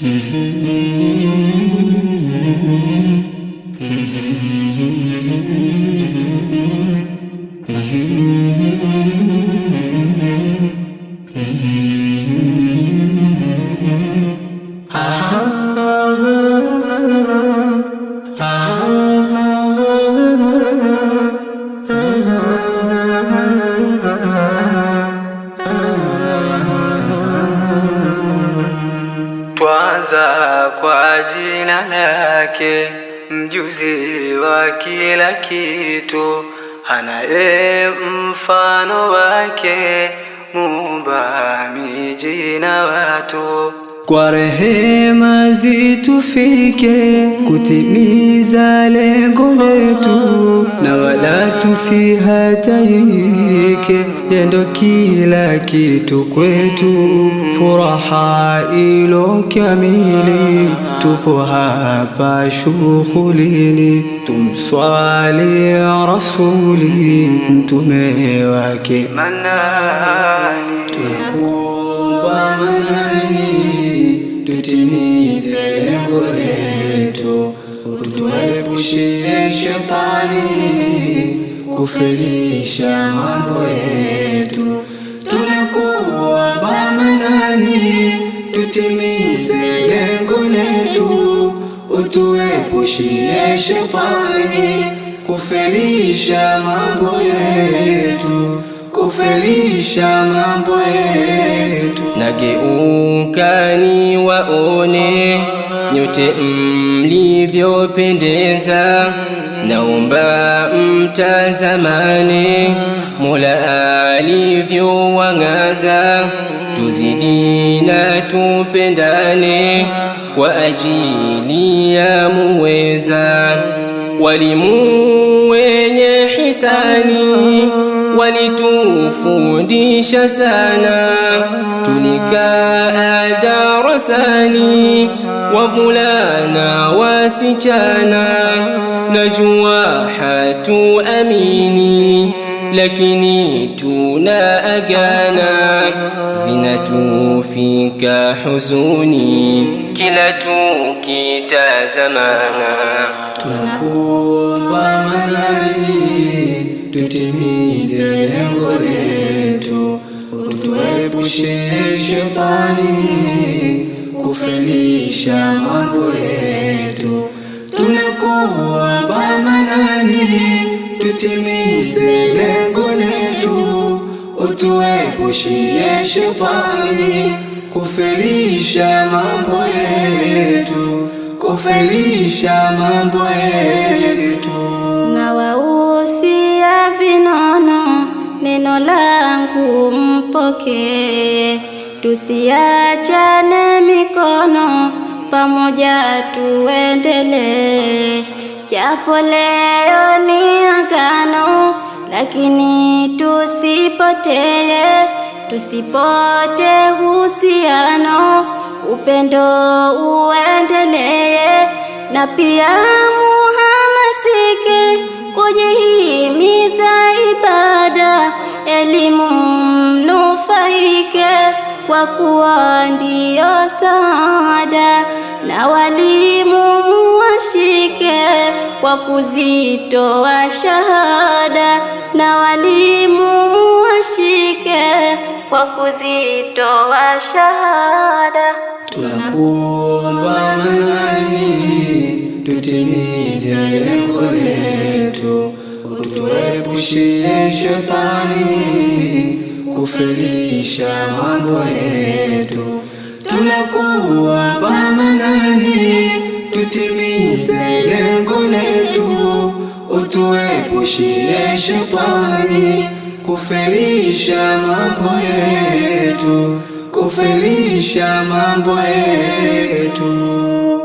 嗯。kwanza kwa jina lake, mjuzi wa kila kitu, hanaye mfano wake, muumba miji na watu. Kwa rehema zitufike, kutimiza lengo letu, na wala tusihataike yendo kila kitu kwetu, furaha ilo kamili. Tupo hapa shughulini, tumswali rasuli mtume wake tutimize kufelisha mambo yetu, tunakuwa bamanani, tutimize lengo letu, utuepushie shetani kufelisha mambo yetu, kufelisha mambo yetu. Nageukani waone nyote mlivyopendeza naomba mtazamani Mola alivyowang'aza, tuzidi na tupendane kwa ajili ya muweza. Walimu wenye hisani walitufundisha sana, tulikaa darasani, wavulana wasichana najua hatuamini, lakini tunaagana, zinatufika huzuni, kila tukitazamana tunakuomba Magharibi, tutimize lengo letu, utuepushe shetani kufelisha mambo yetu tunakuwa sisi lengo letu, utuepushie shetani kufelisha mambo yetu, kufelisha mambo yetu. Na wausia vinono, neno langu mpokee, tusiachane mikono, pamoja tuendelee japo leo ni agano, lakini tusipoteye tusipote uhusiano, upendo uendeleye na pia muhamasike kujihimiza ibada, elimu mnufaike, kwa kuwa ndiyo saada na walimu washike kwa kuzitoa shahada, na walimu muwashike kwa kuzitoa shahada. Tunakuomba Manani, tutimize lengo letu, utuepushie shetani kufelisha mambo yetu tunakuwa Tumrushie shetani kufelisha mambo yetu, kufelisha mambo yetu.